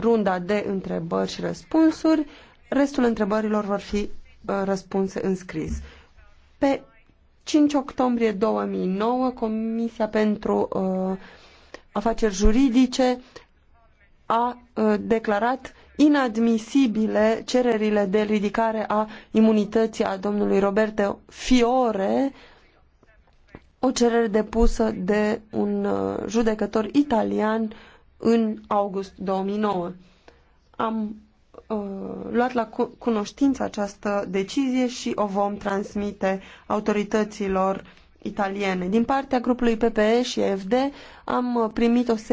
runda de întrebări și răspunsuri. Restul întrebărilor vor fi uh, răspunse în scris. Pe 5 octombrie 2009, Comisia pentru uh, Afaceri Juridice a uh, declarat inadmisibile cererile de ridicare a imunității a domnului Roberto Fiore, o cerere depusă de un uh, judecător italian uh, în august 2009. Am uh, luat la cunoștință această decizie și o vom transmite autorităților italiene. Din partea grupului PPE și EFD am primit o serie